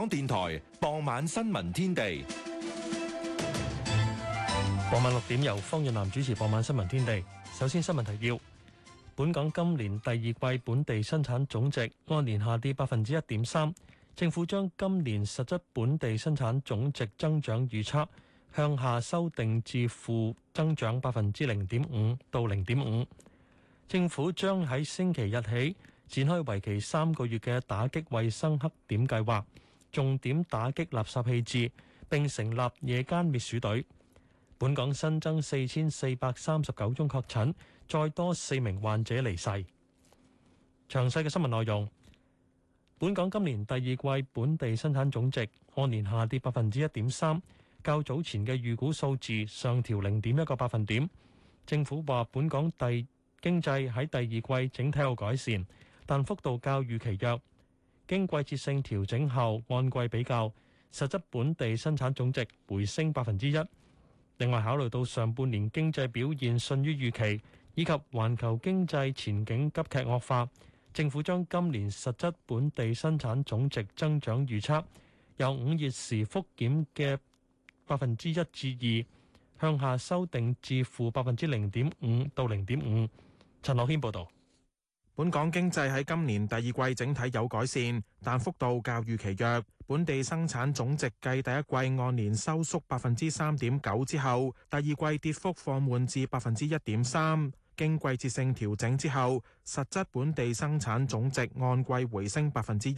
港電台傍晚新聞天地，傍晚六點由方潤南主持。傍晚新聞天地，首先新聞提要：本港今年第二季本地生產總值按年下跌百分之一點三。政府將今年實質本地生產總值增長預測向下修訂至負增長百分之零點五到零點五。政府將喺星期日起展開為期三個月嘅打擊衛生黑點計劃。重點打擊垃圾棄置，並成立夜間滅鼠隊。本港新增四千四百三十九宗確診，再多四名患者離世。詳細嘅新聞內容。本港今年第二季本地生產總值按年下跌百分之一點三，較早前嘅預估數字上調零點一個百分點。政府話本港第經濟喺第二季整體有改善，但幅度較預期弱。經季節性調整後，按季比較，實質本地生產總值回升百分之一。另外考慮到上半年經濟表現遜於預期，以及環球經濟前景急劇惡化，政府將今年實質本地生產總值增長預測，由五月時復檢嘅百分之一至二向下修訂至負百分之零點五到零點五。陳樂軒報導。本港經濟喺今年第二季整體有改善，但幅度較預期弱。本地生產總值繼第一季按年收縮百分之三點九之後，第二季跌幅放緩至百分之一點三。經季節性調整之後，實質本地生產總值按季回升百分之一。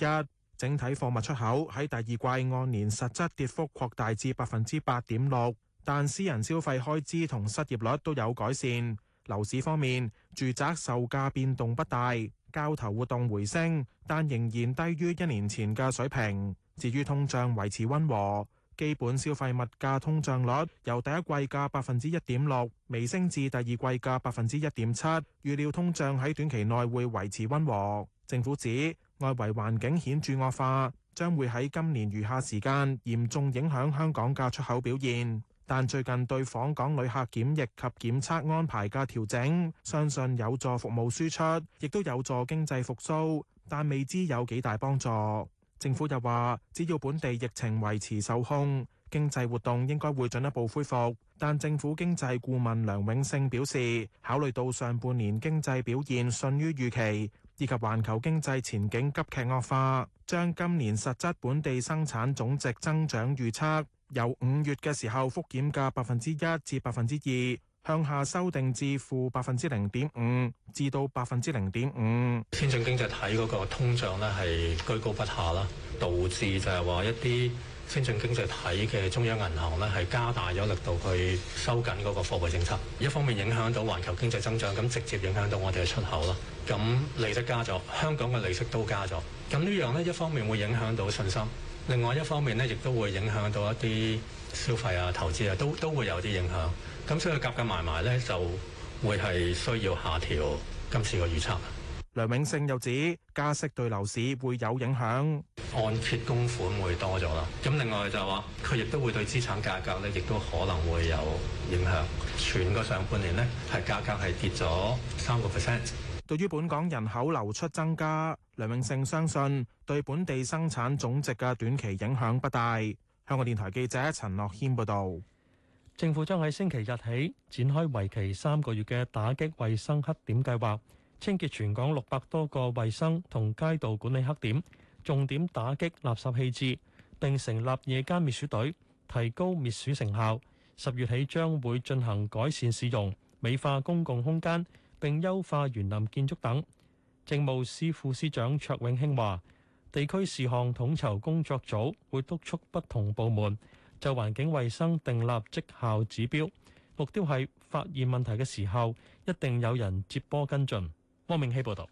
整體貨物出口喺第二季按年實質跌幅擴大至百分之八點六，但私人消費開支同失業率都有改善。樓市方面，住宅售價變動不大，交投活動回升，但仍然低於一年前嘅水平。至於通脹維持溫和，基本消費物價通脹率由第一季嘅百分之一點六微升至第二季嘅百分之一點七，預料通脹喺短期內會維持溫和。政府指，外圍環境顯著惡化，將會喺今年餘下時間嚴重影響香港嘅出口表現。但最近對訪港旅客檢疫及檢測安排嘅調整，相信有助服務輸出，亦都有助經濟復甦，但未知有幾大幫助。政府又話，只要本地疫情維持受控，經濟活動應該會進一步恢復。但政府經濟顧問梁永勝表示，考慮到上半年經濟表現遜於預期，以及環球經濟前景急劇惡化，將今年實質本地生產總值增長預測。由五月嘅時候復檢價百分之一至百分之二，向下修訂至負百分之零點五，至到百分之零點五。先進經濟體嗰個通脹咧係居高不下啦，導致就係話一啲。先進經濟體嘅中央銀行咧，係加大咗力度去收緊嗰個貨幣政策，一方面影響到環球經濟增長，咁直接影響到我哋嘅出口啦。咁利息加咗，香港嘅利息都加咗。咁呢樣呢，一方面會影響到信心，另外一方面呢，亦都會影響到一啲消費啊、投資啊，都都會有啲影響。咁所以夾夾埋埋呢，就會係需要下調今次個預測。梁永勝又指加息對樓市會有影響。按揭供款會多咗啦。咁另外就話、是，佢亦都會對資產價格咧，亦都可能會有影響。全個上半年咧，係價格係跌咗三個 percent。對於本港人口流出增加，梁永勝相信對本地生產總值嘅短期影響不大。香港電台記者陳樂謙報道。政府將喺星期日起展開為期三個月嘅打擊衛生黑點計劃，清潔全港六百多個衛生同街道管理黑點。重點打擊垃圾棄置，並成立夜間滅鼠隊，提高滅鼠成效。十月起將會進行改善市容、美化公共空間並優化園林建築等。政務司副司長卓永興話，地區事項統籌工作組會督促不同部門就環境衛生訂立績效指標，目標係發現問題嘅時候一定有人接波跟進。汪明希報導。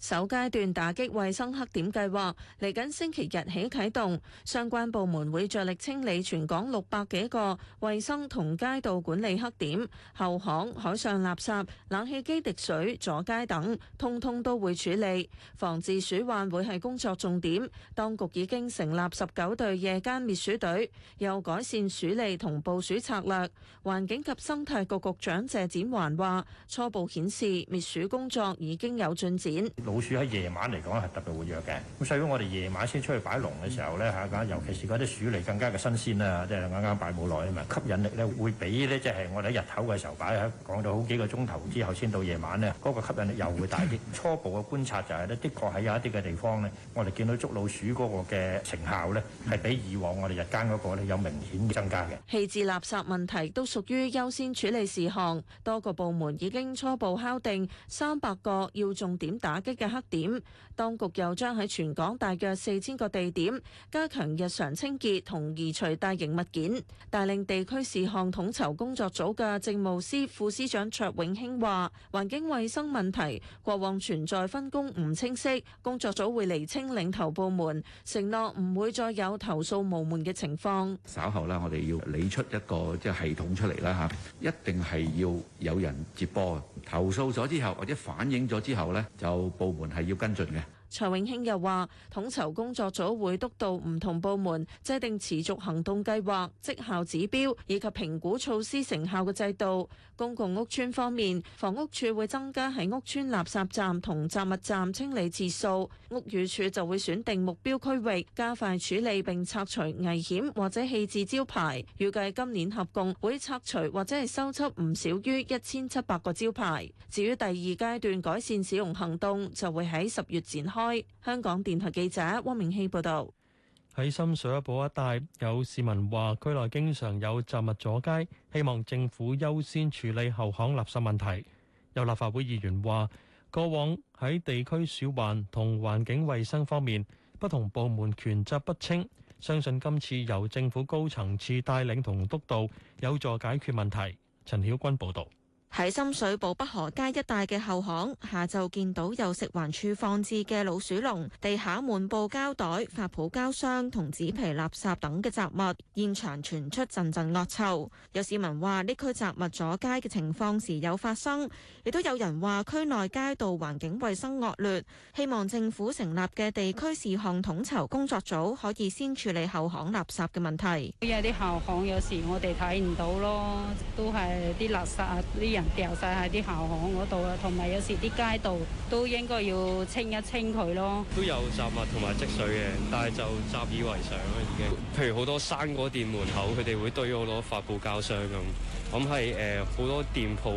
首階段打擊衛生黑點計劃嚟緊星期日起啟動，相關部門會着力清理全港六百幾個衛生同街道管理黑點、後巷、海上垃圾、冷氣機滴水、阻街等，通通都會處理。防治鼠患會係工作重點，當局已經成立十九隊夜間滅鼠隊，又改善處理同部署策略。環境及生態局局長謝展寰話：初步顯示滅鼠工作已經有進展。老鼠喺夜晚嚟講，係特別活躍嘅，咁所以我哋夜晚先出去擺籠嘅時候咧嚇，尤其是嗰啲鼠嚟更加嘅新鮮啦，即係啱啱擺冇耐啊嘛，吸引力咧會比咧即係我哋喺日頭嘅時候擺喺講咗好幾個鐘頭之後先到夜晚咧，嗰個吸引力又會大啲。初步嘅觀察就係咧，的確，係有一啲嘅地方咧，我哋見到捉老鼠嗰個嘅成效咧，係比以往我哋日間嗰個咧有明顯嘅增加嘅。棄置垃圾問題都屬於優先處理事項，多個部門已經初步敲定三百個要重點打擊嘅黑點。當局又將喺全港大約四千個地點加強日常清潔同移除大型物件。帶領地區事項統籌工作組嘅政務司副司長卓永興話，環境衛生問題過往存在分工唔清晰，工作組會釐清領頭部門，承諾唔會再有投訴無門嘅情況。稍後啦，我哋要理出一個即係系統出嚟啦嚇，一定係要有人接波嘅。投訴咗之後或者反映咗之後咧，就部門係要跟進嘅。蔡永興又話，統籌工作組會督導唔同部門，制定持續行動計劃、績效指標以及評估措施成效嘅制度。公共屋邨方面，房屋署會增加喺屋邨垃圾站同雜物站清理次數；屋宇署就會選定目標區域，加快處理並拆除危險或者棄置招牌。預計今年合共會拆除或者係收葺唔少於一千七百個招牌。至於第二階段改善使用行動，就會喺十月展開。香港電台記者汪明熙報道，喺深水埗一帶有市民話，區內經常有雜物阻街，希望政府優先處理後巷垃圾問題。有立法會議員話，過往喺地區鼠患同環境衛生方面，不同部門權責不清，相信今次由政府高層次帶領同督導，有助解決問題。陳曉君報道。喺深水埗北河街一帶嘅後巷，下晝見到有食環署放置嘅老鼠籠、地下滿布膠袋、發泡膠箱同紙皮垃圾等嘅雜物，現場傳出陣陣惡臭。有市民話呢區雜物阻街嘅情況時有發生，亦都有人話區內街道環境衛生惡劣，希望政府成立嘅地區事項統籌工作組可以先處理後巷垃圾嘅問題。因為啲後巷有時我哋睇唔到咯，都係啲垃圾啲人。掉晒喺啲校巷嗰度啊，同埋有時啲街道都應該要清一清佢咯。都有雜物同埋積水嘅，但係就習以為常啦已經，譬如好多生果店門口，佢哋會堆好多發泡膠箱咁。咁係誒好多店鋪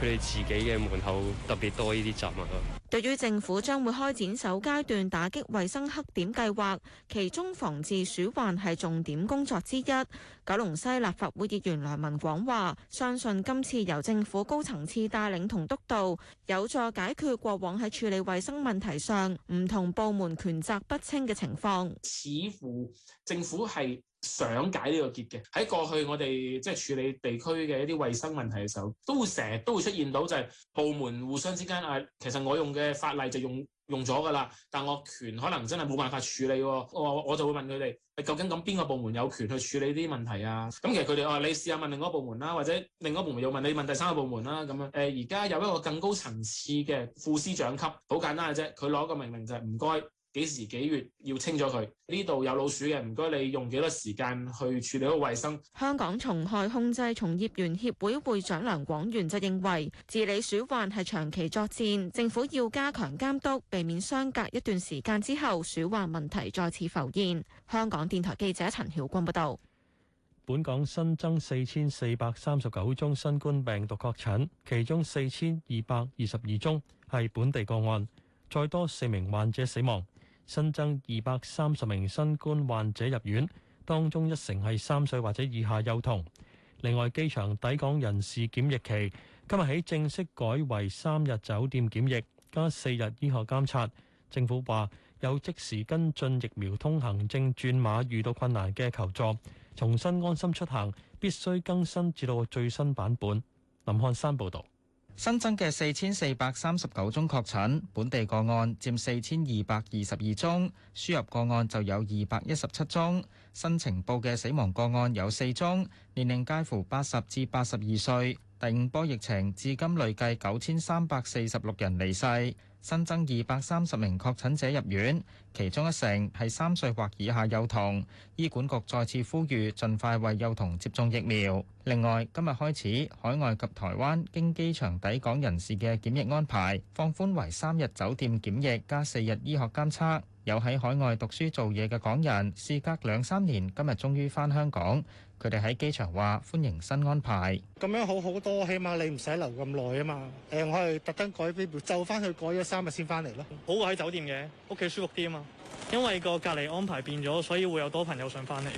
佢哋自己嘅門口特別多呢啲雜物咯。對於政府將會開展首階段打擊衞生黑點計劃，其中防治鼠患係重點工作之一。九龍西立法會議員梁文廣話，相信今次由政府高層次帶領同督導，有助解決過往喺處理衞生問題上唔同部門權責不清嘅情況。似乎政府係想解呢個結嘅喺，過去我，我哋即係處理地區嘅一啲衞生問題嘅時候，都會成日都會出現到就係部門互相之間啊，其實我用嘅法例就用用咗㗎啦，但我權可能真係冇辦法處理喎、哦。我，我就會問佢哋，究竟咁邊個部門有權去處理啲問題啊？咁其實佢哋話你試下問另外一個部門啦，或者另外一個部門又問你問第三個部門啦咁樣。誒、呃，而家有一個更高層次嘅副司長級，好簡單嘅啫，佢攞個命令就係唔該。謝謝幾時幾月要清咗佢？呢度有老鼠嘅，唔該你用幾多時間去處理好衛生。香港蟲害控制從業員協會會長梁廣源就認為，治理鼠患係長期作戰，政府要加強監督，避免相隔一段時間之後鼠患問題再次浮現。香港電台記者陳曉君報道。本港新增四千四百三十九宗新冠病毒確診，其中四千二百二十二宗係本地個案，再多四名患者死亡。新增二百三十名新冠患者入院，當中一成係三歲或者以下幼童。另外，機場抵港人士檢疫期今日起正式改為三日酒店檢疫加四日醫學監察。政府話有即時跟進疫苗通行證轉碼遇到困難嘅求助，重新安心出行必須更新至到最新版本。林漢山報道。新增嘅四千四百三十九宗確診，本地個案佔四千二百二十二宗，輸入個案就有二百一十七宗。新呈報嘅死亡個案有四宗，年齡介乎八十至八十二歲，第五波疫情至今累計九千三百四十六人離世。新增二百三十名確診者入院，其中一成係三歲或以下幼童。醫管局再次呼籲盡快為幼童接種疫苗。另外，今日開始，海外及台灣經機場抵港人士嘅檢疫安排放寬為三日酒店檢疫加四日醫學監測。有喺海外讀書做嘢嘅港人，事隔兩三年，今日終於返香港。佢哋喺機場話：歡迎新安排。咁樣好好多，起碼你唔使留咁耐啊嘛。誒，我係特登改飛票，就返去改咗三日先返嚟咯。好過喺酒店嘅，屋企舒服啲啊嘛。因為個隔離安排變咗，所以會有多朋友想返嚟。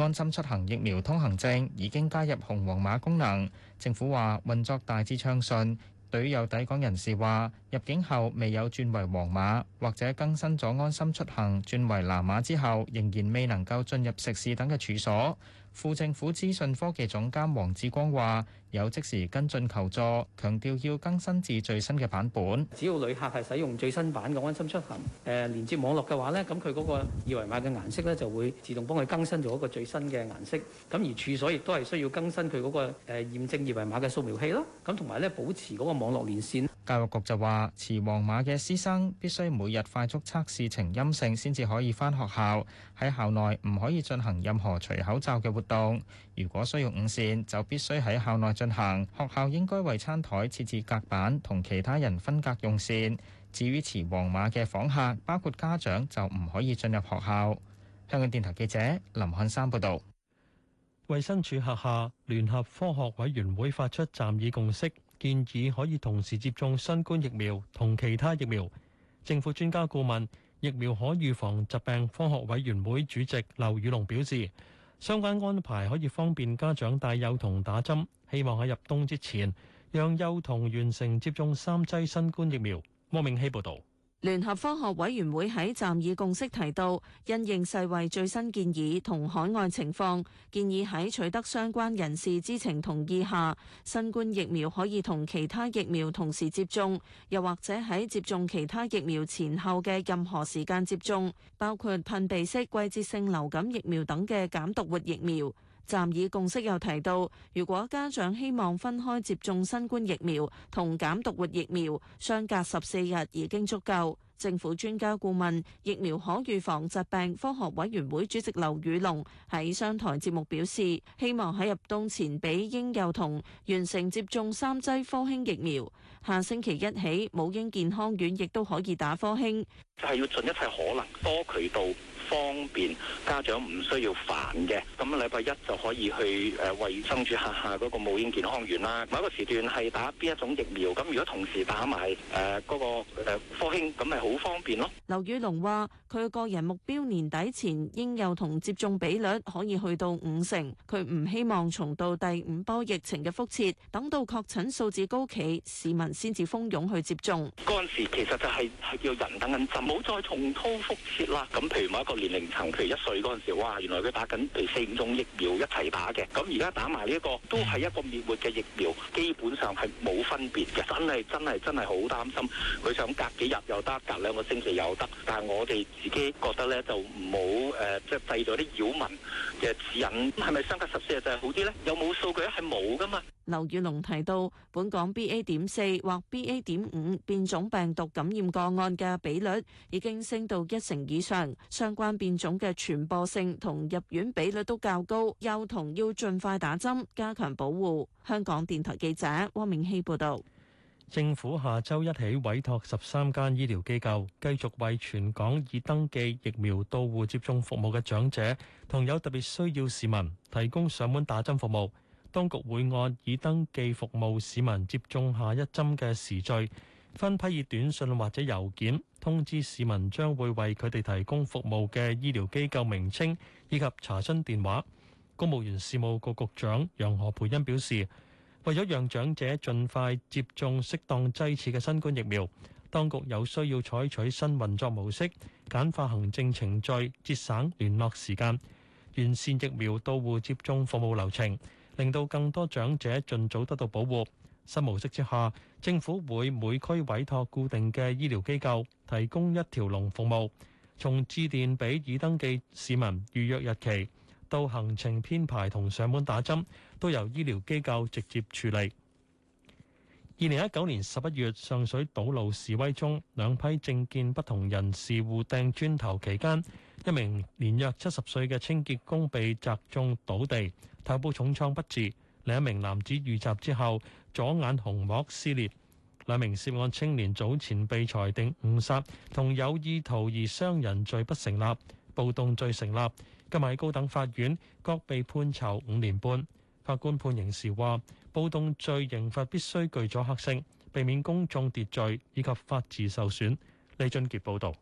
安心出行疫苗通行證已經加入紅黃碼功能，政府話運作大致暢順。對於有抵港人士話：入境後未有轉為黃碼，或者更新咗安心出行轉為藍碼之後，仍然未能夠進入食肆等嘅處所。副政府資訊科技總監黃志光話。有即時跟進求助，強調要更新至最新嘅版本。只要旅客係使用最新版嘅安心出行，誒、呃、連接網絡嘅話咧，咁佢嗰個二維碼嘅顏色咧就會自動幫佢更新咗一個最新嘅顏色。咁而處所亦都係需要更新佢嗰個誒驗證二維碼嘅掃描器咯。咁同埋咧保持嗰個網絡連線。教育局就話，持黃碼嘅師生必須每日快速測試呈陰性先至可以翻學校，喺校內唔可以進行任何除口罩嘅活動。如果需要午膳，就必須喺校內進行。學校應該為餐檯設置隔板，同其他人分隔用膳。至於持黃碼嘅訪客，包括家長，就唔可以進入學校。香港電台記者林漢山報道。衛生署轄下聯合科學委員會發出暫議共識，建議可以同時接種新冠疫苗同其他疫苗。政府專家顧問疫苗可預防疾病科學委員會主席劉宇龍表示。相關安排可以方便家長帶幼童打針，希望喺入冬之前，讓幼童完成接種三劑新冠疫苗。莫明希報導。聯合科學委員會喺暫議共識提到，因應世衛最新建議同海外情況，建議喺取得相關人士知情同意下，新冠疫苗可以同其他疫苗同時接種，又或者喺接種其他疫苗前後嘅任何時間接種，包括噴鼻式季節性流感疫苗等嘅減毒活疫苗。暫以共識又提到，如果家長希望分開方便家長，唔需要煩嘅，咁禮拜一就可以去誒衛、呃、生署吓下嗰個母嬰健康院啦。某一個時段係打邊一種疫苗，咁如果同時打埋誒嗰個誒、呃、科興，咁咪好方便咯。劉宇龍話，佢個人目標年底前應有同接種比率可以去到五成，佢唔希望重到第五波疫情嘅覆轍，等到確診數字高企，市民先至蜂擁去接種嗰陣時，其實就係、是、係叫人等緊就唔好再重蹈覆轍啦。咁譬如某一個。年齡層，譬如一歲嗰陣時，哇！原來佢打緊譬如四五種疫苗一齊打嘅，咁而家打埋呢個都係一個滅活嘅疫苗，基本上係冇分別嘅。真係真係真係好擔心，佢想隔幾日又得，隔兩個星期又得，但係我哋自己覺得呢就唔好誒，即、呃、係制咗啲擾民嘅指引係咪相隔十四日就係好啲呢？有冇？劉宇龍提到，本港 B A. 點四或 B A. 點五變種病毒感染個案嘅比率已經升到一成以上，相關變種嘅傳播性同入院比率都較高，幼童要盡快打針加強保護。香港電台記者汪明希報道，政府下周一起委託十三間醫療機構繼續為全港已登記疫苗到戶接種服務嘅長者同有特別需要市民提供上門打針服務。當局會按已登記服務市民接種下一針嘅時序，分批以短信或者郵件通知市民，將會為佢哋提供服務嘅醫療機構名稱以及查詢電話。公務員事務局局，局長楊何蓓茵表示，為咗讓長者盡快接種適當劑次嘅新冠疫苗，當局有需要採取新運作模式，簡化行政程序，節省聯絡時間，完善疫苗到戶接種服務流程。令到更多長者盡早得到保護。新模式之下，政府會每區委託固定嘅醫療機構提供一條龍服務，從致電畀已登記市民預約日期，到行程編排同上門打針，都由醫療機構直接處理。二零一九年十一月，上水堵路示威中，兩批政見不同人士互掟磚頭期間，一名年約七十歲嘅清潔工被砸中倒地。頭部重創不治，另一名男子遇襲之後左眼虹膜撕裂。兩名涉案青年早前被裁定誤殺同有意圖而傷人罪不成立，暴動罪成立，今日喺高等法院各被判囚五年半。法官判刑時話，暴動罪刑罰必須具阻嚇性，避免公眾秩序以及法治受損。李俊杰報道，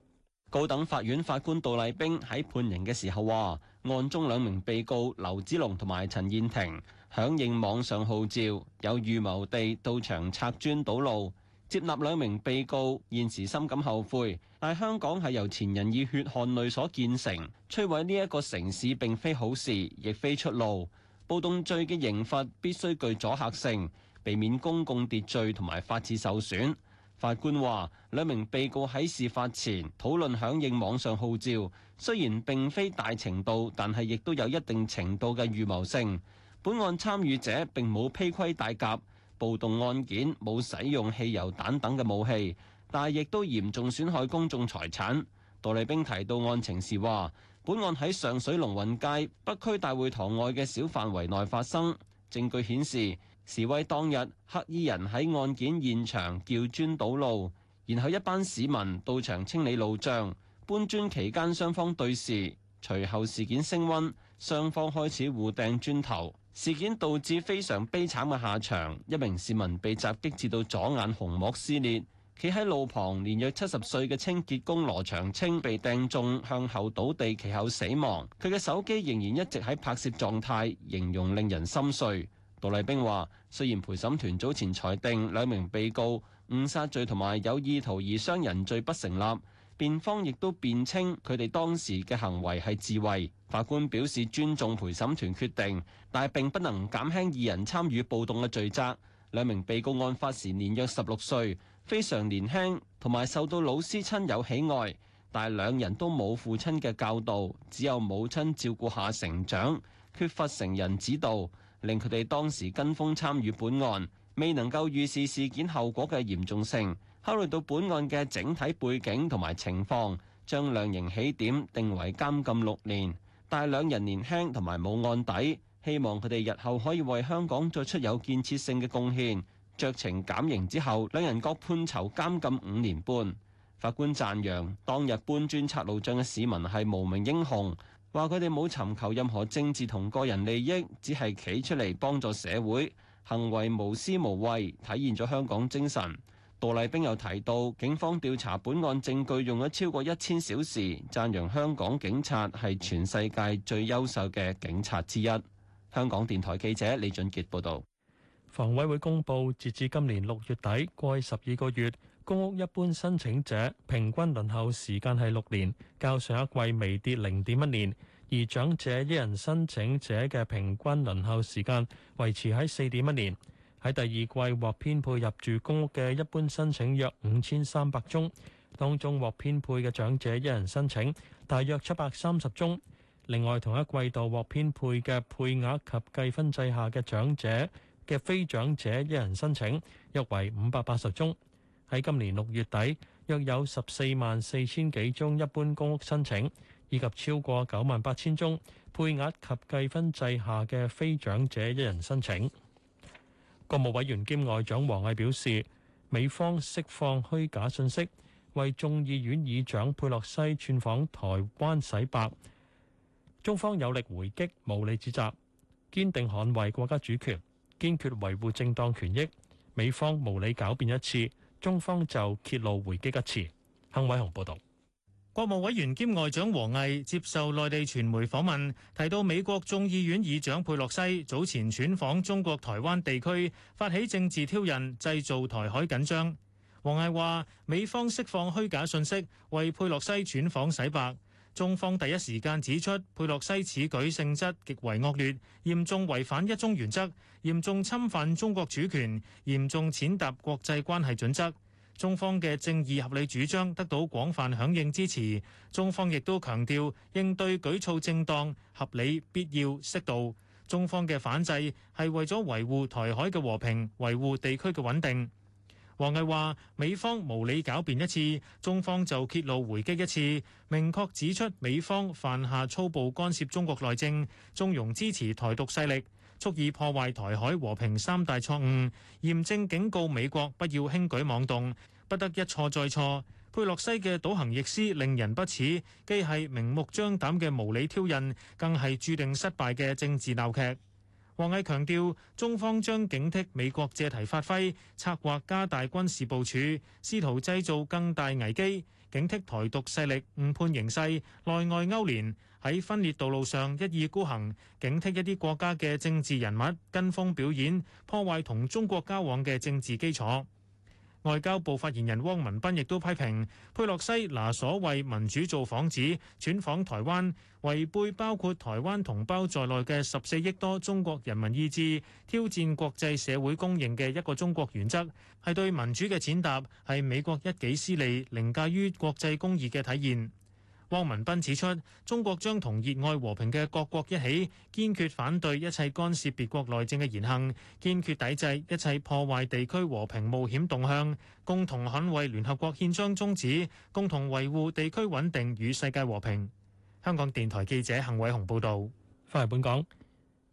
高等法院法官杜麗冰喺判刑嘅時候話。案中兩名被告劉子龍同埋陳燕婷響應網上號召，有預謀地到場拆磚堵路。接納兩名被告現時深感後悔，但香港係由前人以血汗淚所建成，摧毀呢一個城市並非好事，亦非出路。暴動罪嘅刑罰必須具阻嚇性，避免公共秩序同埋法治受損。法官話：兩名被告喺事發前討論響應網上號召，雖然並非大程度，但係亦都有一定程度嘅預謀性。本案參與者並冇披盔戴甲，暴動案件冇使用汽油彈等嘅武器，但亦都嚴重損害公眾財產。杜麗冰提到案情時話：本案喺上水龍運街北區大會堂外嘅小範圍內發生，證據顯示。示威當日，黑衣人喺案件現場撬磚堵路，然後一班市民到場清理路障。搬磚期間，雙方對視，隨後事件升溫，雙方開始互掟磚頭。事件導致非常悲慘嘅下場，一名市民被襲擊至到左眼虹膜撕裂，企喺路旁年約七十歲嘅清潔工羅長清被掟中，向後倒地，其後死亡。佢嘅手機仍然一直喺拍攝狀態，形容令人心碎。劉麗冰話，雖然陪審團早前裁定兩名被告誤殺罪同埋有意圖而傷人罪不成立，辯方亦都辯稱佢哋當時嘅行為係自衛。法官表示尊重陪審團決定，但係並不能減輕二人參與暴動嘅罪責。兩名被告案發時年約十六歲，非常年輕，同埋受到老師親友喜愛，但係兩人都冇父親嘅教導，只有母親照顧下成長，缺乏成人指導。令佢哋當時跟風參與本案，未能夠預示事件後果嘅嚴重性。考慮到本案嘅整體背景同埋情況，將量刑起點定為監禁六年，但係兩人年輕同埋冇案底，希望佢哋日後可以為香港作出有建設性嘅貢獻。酌情減刑之後，兩人各判囚監禁五年半。法官讚揚當日搬磚拆路障嘅市民係無名英雄。話佢哋冇尋求任何政治同個人利益，只係企出嚟幫助社會，行為無私無畏，體現咗香港精神。杜麗冰又提到，警方調查本案證據用咗超過一千小時，讚揚香港警察係全世界最優秀嘅警察之一。香港電台記者李俊杰報道。房委會公布，截至今年六月底，過去十二個月。公屋一般申請者平均輪候時間係六年，較上一季微跌零點一年。而長者一人申請者嘅平均輪候時間維持喺四點一年。喺第二季獲編配入住公屋嘅一般申請約五千三百宗，當中獲編配嘅長者一人申請大約七百三十宗。另外同一季度獲編配嘅配額及計分制下嘅長者嘅非長者一人申請約為五百八十宗。喺今年六月底，約有十四萬四千幾宗一般公屋申請，以及超過九萬八千宗配額及計分制下嘅非長者一人申請。國務委員兼外長王毅表示，美方釋放虛假信息，為眾議院議長佩洛西串訪台灣洗白。中方有力回擊無理指責，堅定捍衛國家主權，堅決維護正當權益。美方無理狡辯一次。中方就揭露回擊一次。彭偉雄報導，國務委員兼外長王毅接受內地傳媒訪問，提到美國眾議院議長佩洛西早前轉訪中國台灣地區，發起政治挑釁，製造台海緊張。王毅話，美方釋放虛假信息，為佩洛西轉訪洗白。中方第一時間指出，佩洛西此舉性質極為惡劣，嚴重違反一中原則，嚴重侵犯中國主權，嚴重踐踏國際關係準則。中方嘅正義合理主張得到廣泛響應支持。中方亦都強調，應對舉措正當、合理、必要、適度。中方嘅反制係為咗維護台海嘅和平，維護地區嘅穩定。王毅話：美方無理狡辯一次，中方就揭露回擊一次，明確指出美方犯下粗暴干涉中國內政、縱容支持台獨勢力、蓄意破壞台海和平三大錯誤，嚴正警告美國不要輕舉妄動，不得一錯再錯。佩洛西嘅倒行逆施令人不齒，既係明目張膽嘅無理挑釁，更係注定失敗嘅政治鬧劇。王毅強調，中方將警惕美國借題發揮，策劃加大軍事部署，試圖製造更大危機；警惕台獨勢力誤判形勢，內外勾連喺分裂道路上一意孤行；警惕一啲國家嘅政治人物跟風表演，破壞同中國交往嘅政治基礎。外交部發言人汪文斌亦都批評，佩洛西拿所謂民主做幌子，竄訪台灣，違背包括台灣同胞在內嘅十四億多中國人民意志，挑戰國際社會公認嘅一個中國原則，係對民主嘅踐踏，係美國一己私利凌駕於國際公義嘅體現。汪文斌指出，中國將同熱愛和平嘅各國一起，堅決反對一切干涉別國內政嘅言行，堅決抵制一切破壞地區和平冒險動向，共同捍衛聯合國憲章宗旨，共同維護地區穩定與世界和平。香港電台記者幸偉雄報導。翻嚟本港，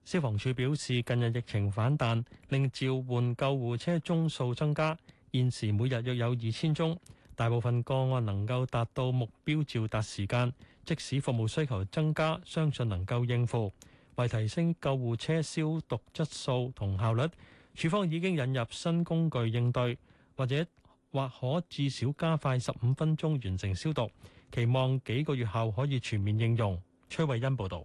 消防處表示，近日疫情反彈，令召喚救護車宗數增加，現時每日約有二千宗。大部分個案能夠達到目標召達時間，即使服務需求增加，相信能夠應付。為提升救護車消毒質素同效率，署方已經引入新工具應對，或者或可至少加快十五分鐘完成消毒，期望幾個月後可以全面應用。崔慧欣報道。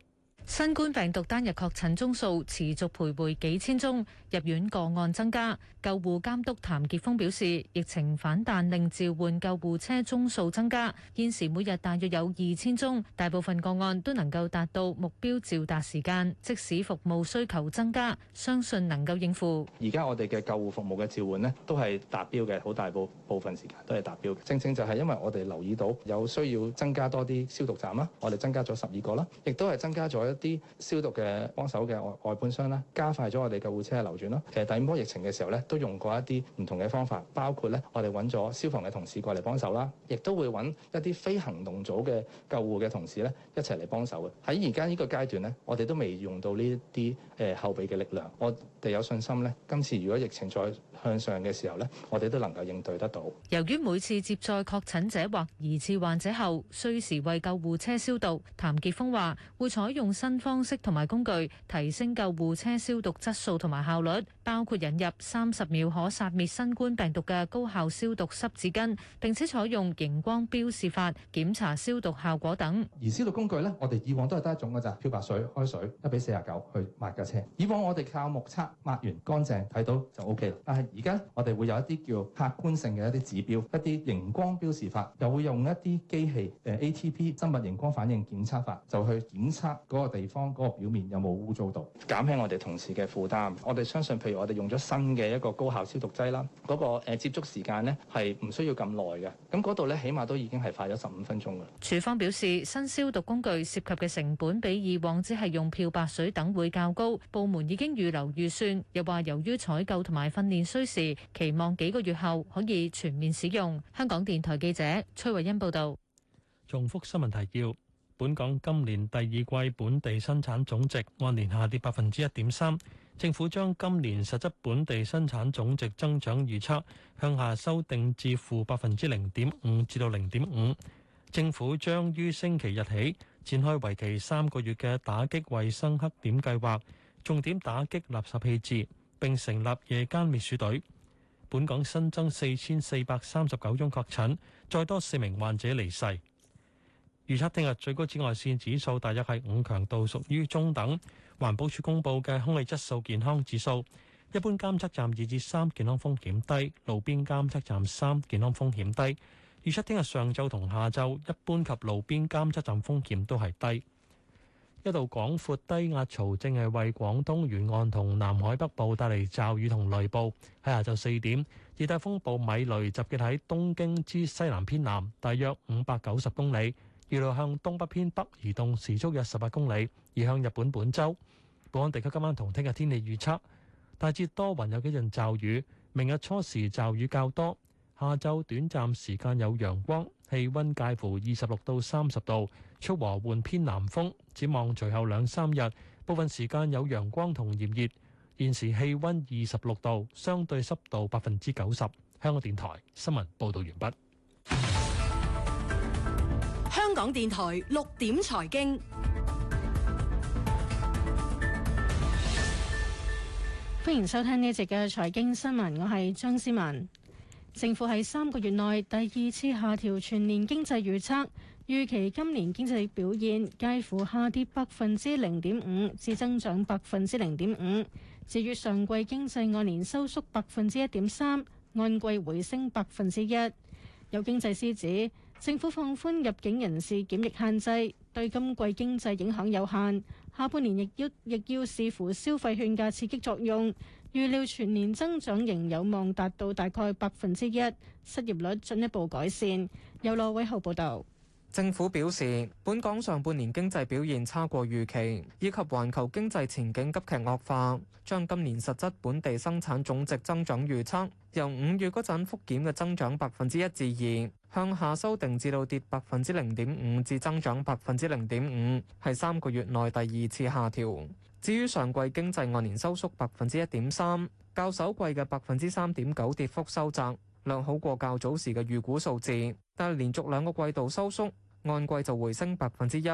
新冠病毒單日確診宗數持續徘徊幾千宗，入院個案增加。救護監督譚杰峰表示，疫情反彈令召喚救護車宗數增加，現時每日大約有二千宗，大部分個案都能夠達到目標召達時間，即使服務需求增加，相信能夠應付。而家我哋嘅救護服務嘅召喚咧，都係達標嘅，好大部部分時間都係達標嘅。正正就係因為我哋留意到有需要增加多啲消毒站啦，我哋增加咗十二個啦，亦都係增加咗。啲消毒嘅幫手嘅外外判商啦，加快咗我哋救護車嘅流轉咯。其實第二波疫情嘅時候咧，都用過一啲唔同嘅方法，包括咧我哋揾咗消防嘅同事過嚟幫手啦，亦都會揾一啲非行動組嘅救護嘅同事咧一齊嚟幫手嘅。喺而家呢個階段咧，我哋都未用到呢啲誒後備嘅力量，我哋有信心咧，今次如果疫情再向上嘅時候咧，我哋都能夠應對得到。由於每次接載確診者或疑似患者後，需時為救護車消毒，譚傑峰話會採用新方式同埋工具提升救護車消毒質素同埋效率，包括引入三十秒可殺滅新冠病毒嘅高效消毒濕紙巾，並且採用熒光標示法檢查消毒效果等。而消毒工具咧，我哋以往都係得一種噶咋，漂白水、開水一比四十九去抹架車。以往我哋靠目測抹完乾淨，睇到就 O K 啦。但係而家我哋會有一啲叫客觀性嘅一啲指標，一啲熒光標示法，又會用一啲機器誒 A T P 生物熒光反應檢測法，就去檢測嗰個。地方嗰個表面有冇污糟度？減輕我哋同事嘅負擔。我哋相信，譬如我哋用咗新嘅一個高效消毒劑啦，嗰個誒接觸時間呢係唔需要咁耐嘅。咁嗰度咧，起碼都已經係快咗十五分鐘嘅。署方表示，新消毒工具涉及嘅成本比以往只係用漂白水等會較高。部門已經預留預算，又話由於採購同埋訓練需時，期望幾個月後可以全面使用。香港電台記者崔慧欣報道。重複新聞提要。本港今年第二季本地生產總值按年下跌百分之一點三，政府將今年實質本地生產總值增長預測向下修訂至負百分之零點五至到零點五。政府將於星期日起展開為期三個月嘅打擊衛生黑點計劃，重點打擊垃圾棄置，並成立夜間滅鼠隊。本港新增四千四百三十九宗確診，再多四名患者離世。預測聽日最高紫外線指數大約係五強度，屬於中等。環保署公佈嘅空氣質素健康指數，一般監測站二至三健康風險低，路邊監測站三健康風險低。預測聽日上晝同下晝一般及路邊監測站風險都係低。一度廣闊低壓槽正係為廣東沿岸同南海北部帶嚟驟雨同雷暴。喺下晝四點，熱帶風暴米雷集結喺東京之西南偏南，大約五百九十公里。預料向東北偏北移動，時速約十八公里，移向日本本州。本港地區今晚同聽日天氣預測，大致多雲有幾陣驟雨，明日初時驟雨較多，下晝短暫時間有陽光，氣温介乎二十六到三十度，吹和緩偏南風。展望隨後兩三日，部分時間有陽光同炎熱。現時氣温二十六度，相對濕度百分之九十。香港電台新聞報導完畢。香港電台六點財經，歡迎收聽呢一節嘅財經新聞，我係張思文。政府喺三個月內第二次下調全年經濟預測，預期今年經濟表現介乎下跌百分之零點五至增長百分之零點五。至於上季經濟按年收縮百分之一點三，按季回升百分之一。有經濟師指，政府放寬入境人士檢疫限制，對今季經濟影響有限。下半年亦要亦要視乎消費券嘅刺激作用，預料全年增長仍有望達到大概百分之一，失業率進一步改善。有羅偉浩報道。政府表示，本港上半年經濟表現差過預期，以及環球經濟前景急劇惡化，將今年實質本地生產總值增長預測由五月嗰陣復檢嘅增長百分之一至二向下修訂至到跌百分之零點五至增長百分之零點五，係三個月內第二次下調。至於上季經濟按年收縮百分之一點三，較首季嘅百分之三點九跌幅收窄。良好過較早時嘅預估數字，但係連續兩個季度收縮，按季就回升百分之一。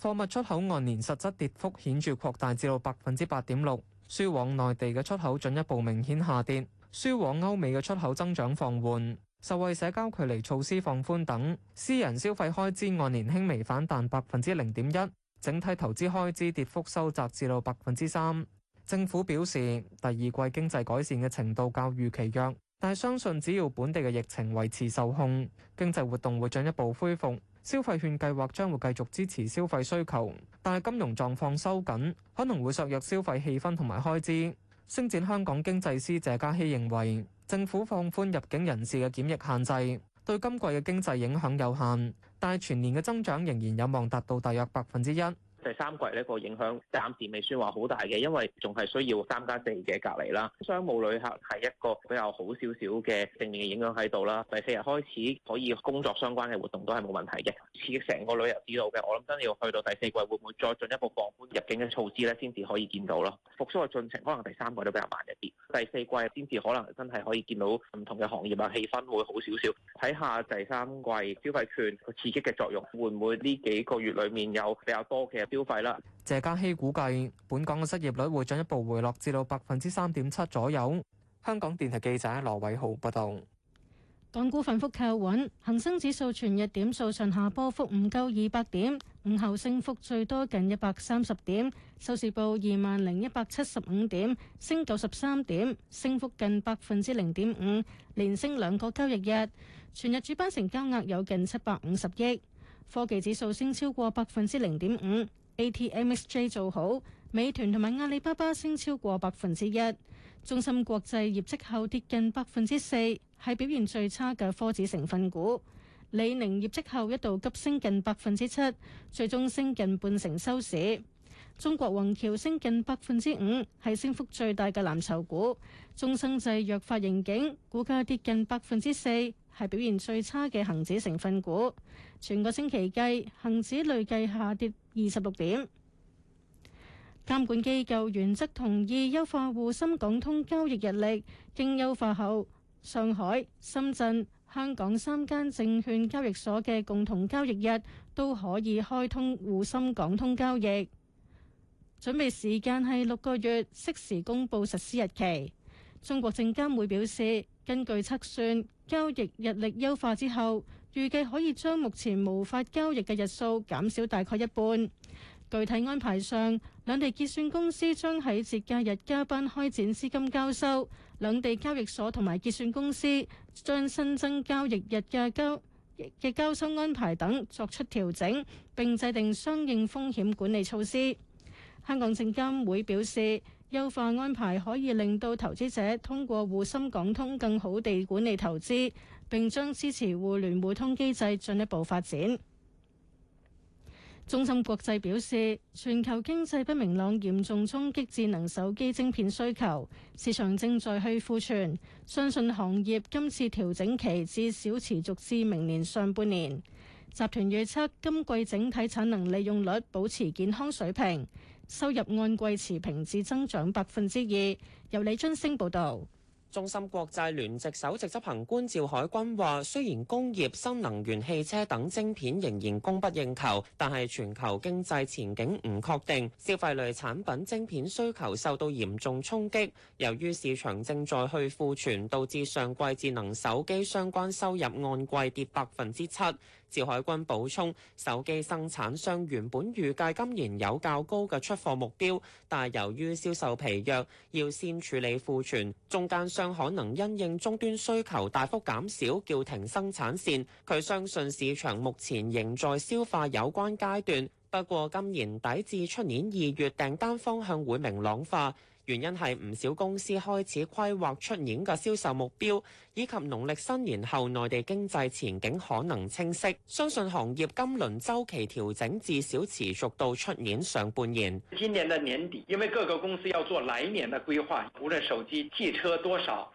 貨物出口按年實質跌幅顯著擴大至到百分之八點六，輸往內地嘅出口進一步明顯下跌，輸往歐美嘅出口增長放緩，受惠社交距離措施放寬等。私人消費開支按年輕微反彈百分之零點一，整體投資開支跌幅收窄至到百分之三。政府表示，第二季經濟改善嘅程度較預期弱。但係相信只要本地嘅疫情維持受控，經濟活動會進一步恢復，消費券計劃將會繼續支持消費需求。但係金融狀況收緊可能會削弱消費氣氛同埋開支。星展香港經濟師謝嘉熙認為，政府放寬入境人士嘅檢疫限制，對今季嘅經濟影響有限，但係全年嘅增長仍然有望達到大約百分之一。第三季呢個影響暫時未算話好大嘅，因為仲係需要三加四嘅隔離啦。商務旅客係一個比較好少少嘅正面嘅影響喺度啦。第四日開始可以工作相關嘅活動都係冇問題嘅，刺激成個旅遊指導嘅。我諗真要去到第四季會唔會再進一步放寬入境嘅措施咧，先至可以見到咯。復甦嘅進程可能第三季都比較慢一啲，第四季先至可能真係可以見到唔同嘅行業啊氣氛會好少少。睇下第三季消費券個刺激嘅作用會唔會呢幾個月裡面有比較多嘅消費啦。謝家熙估計，本港嘅失業率會進一步回落至到百分之三點七左右。香港電台記者羅偉浩報道。港股份幅靠穩，恒生指數全日點數上下波幅唔夠二百點，午後升幅最多近一百三十點，收市報二萬零一百七十五點，升九十三點，升幅近百分之零點五，連升兩個交易日。全日主板成交額有近七百五十億。科技指數升超過百分之零點五。ATMSJ 做好，美團同埋阿里巴巴升超過百分之一，中芯國際業績後跌近百分之四，係表現最差嘅科指成分股。李寧業績後一度急升近百分之七，最終升近半成收市。中國宏橋升近百分之五，係升幅最大嘅藍籌股。中生製藥發盈警，股價跌近百分之四。係表現最差嘅恒指成分股。全個星期計，恒指累計下跌二十六點。監管機構原則同意優化滬深港通交易日曆，經優化後，上海、深圳、香港三間證券交易所嘅共同交易日都可以開通滬深港通交易，準備時間係六個月，適時公布實施日期。中國證監會表示，根據測算。交易日曆優化之後，預計可以將目前無法交易嘅日數減少大概一半。具體安排上，兩地結算公司將喺節假日加班開展資金交收，兩地交易所同埋結算公司將新增交易日嘅交嘅交收安排等作出調整，並制定相應風險管理措施。香港證監會表示。優化安排可以令到投資者通過滬深港通更好地管理投資，並將支持互聯互通機制進一步發展。中芯國際表示，全球經濟不明朗嚴重衝擊智能手機晶片需求，市場正在去庫存，相信行業今次調整期至少持續至明年上半年。集團預測今季整體產能利用率保持健康水平。收入按季持平至增長百分之二。由李津升報導，中芯國際聯席首席執行官趙海軍話，雖然工業、新能源、汽車等晶片仍然供不應求，但係全球經濟前景唔確定，消費類產品晶片需求受到嚴重衝擊。由於市場正在去庫存，導致上季智能手機相關收入按季跌百分之七。趙海軍補充，手機生產商原本預計今年有較高嘅出貨目標，但由於銷售疲弱，要先處理庫存，中間商可能因應終端需求大幅減少，叫停生產線。佢相信市場目前仍在消化有關階段，不過今年底至出年二月訂單方向會明朗化。原因係唔少公司開始規劃出年嘅銷售目標，以及農曆新年後內地經濟前景可能清晰，相信行業今輪週期調整至少持續到出年上半年。今年的年底，因為各個公司要做來年的規劃，無論手機、汽車多少。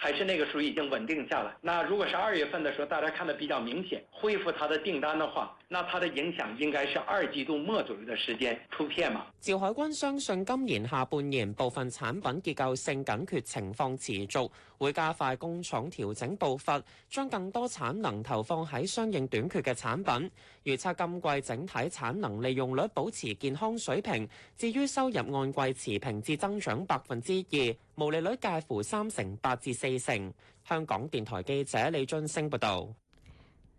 還是那個數已經穩定下來。那如果是二月份的時候，大家看得比較明顯恢復它的訂單的話，那它的影響應該是二季度末左右的時間出片嘛。趙海軍相信今年下半年部分產品結構性緊缺情況持續，會加快工廠調整步伐，將更多產能投放喺相應短缺嘅產品。預測今季整體產能利用率保持健康水平，至於收入按季持平至增長百分之二。毛利率介乎三成八至四成。香港電台記者李俊升報道，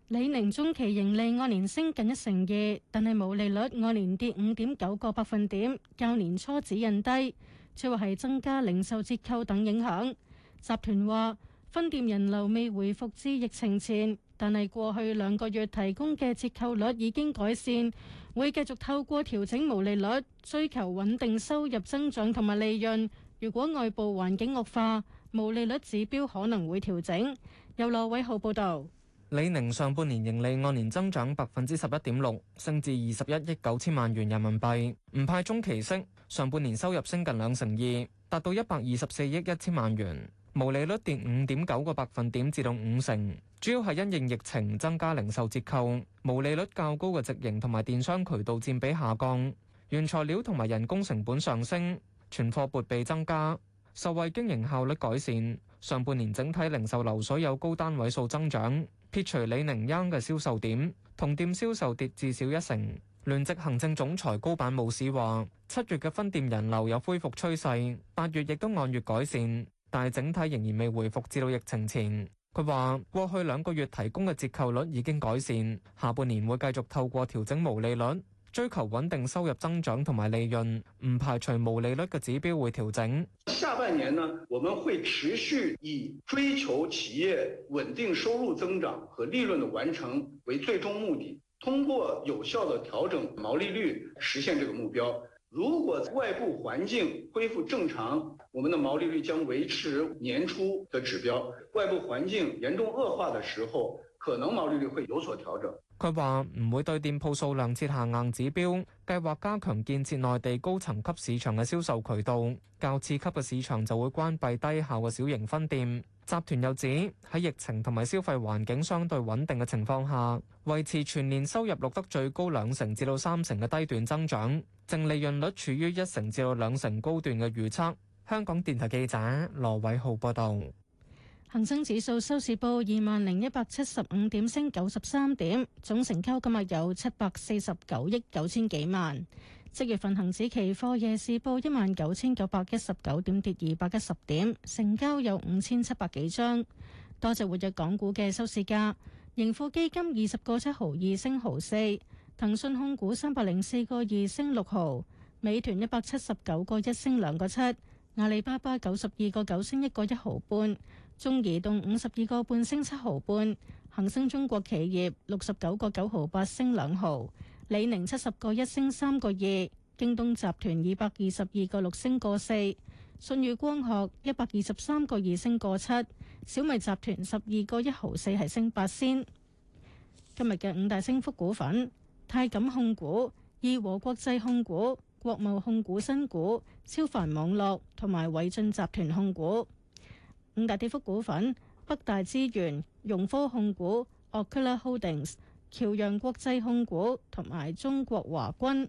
李寧中期盈利按年升近一成二，但係毛利率按年跌五點九個百分點，較年初指引低，主要係增加零售折扣等影響。集團話分店人流未回復至疫情前，但係過去兩個月提供嘅折扣率已經改善，會繼續透過調整毛利率，追求穩定收入增長同埋利潤。如果外部環境惡化，毛利率指標可能會調整。由羅偉浩報道。李寧上半年盈利按年增長百分之十一點六，升至二十一億九千萬元人民幣，唔派中期息。上半年收入升近兩成二，達到一百二十四億一千萬元，毛利率跌五點九個百分點至到五成。主要係因應疫情增加零售折扣，毛利率較高嘅直營同埋電商渠道佔比下降，原材料同埋人工成本上升。存貨撥備增加，受惠經營效率改善。上半年整體零售流水有高單位數增長，撇除李寧央嘅銷售點，同店銷售跌至少一成。聯席行政總裁高坂武史話，七月嘅分店人流有恢復趨勢，八月亦都按月改善，但係整體仍然未恢復至到疫情前。佢話過去兩個月提供嘅折扣率已經改善，下半年會繼續透過調整毛利率。追求穩定收入增長同埋利潤，唔排除毛利率嘅指標會調整。下半年呢，我們會持續以追求企業穩定收入增長和利潤的完成為最終目的，通過有效的調整毛利率實現這個目標。如果外部環境恢復正常，我們的毛利率將維持年初的指標；外部環境嚴重惡化的時候，可能毛利率會有所調整。佢話唔會對店鋪數量設下硬指標，計劃加強建設內地高層級市場嘅銷售渠道，較次級嘅市場就會關閉低效嘅小型分店。集團又指喺疫情同埋消費環境相對穩定嘅情況下，維持全年收入錄得最高兩成至到三成嘅低段增長，淨利潤率處於一成至到兩成高段嘅預測。香港電台記者羅偉浩報道。恒生指數收市報二萬零一百七十五點，升九十三點，總成交今日有七百四十九億九千幾萬。即月份恒指期貨夜市報一萬九千九百一十九點，跌二百一十點，成交有五千七百幾張。多隻活躍港股嘅收市價：盈富基金二十個七毫二升毫四，騰訊控股三百零四個二升六毫，美團一百七十九個一升兩個七，阿里巴巴九十二個九升一個一毫半。中移動五十二個半升七毫半，恒生中國企業六十九個九毫八升兩毫，李寧七十個一升三個二，京東集團二百二十二個六升個四，舜宇光學一百二十三個二升個七，小米集團十二個一毫四係升八仙。今日嘅五大升幅股份：泰錦控股、義和國際控股、國貿控股新股、超凡網絡同埋偉進集團控股。五大跌幅股份：北大資源、融科控股、Ocular Holdings、僑洋國際控股同埋中國華軍。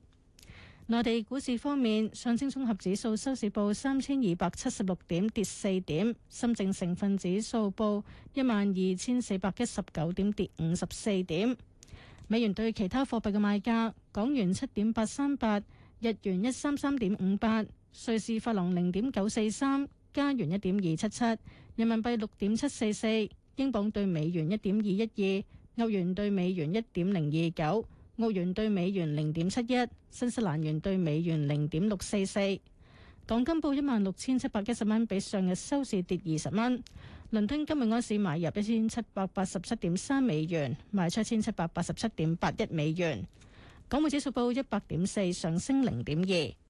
內地股市方面，上證綜合指數收市報三千二百七十六點，跌四點；深證成分指數報一萬二千四百一十九點，跌五十四點。美元對其他貨幣嘅賣價：港元七點八三八，日元一三三點五八，瑞士法郎零點九四三，加元一點二七七。人民幣六點七四四，英鎊兌美元一點二一二，歐元兌美元一點零二九，澳元兌美元零點七一，新西蘭元兌美元零點六四四。港金報一萬六千七百一十蚊，比上日收市跌二十蚊。倫敦金每盎司買入一千七百八十七點三美元，賣出一千七百八十七點八一美元。港匯指數報一百點四，上升零點二。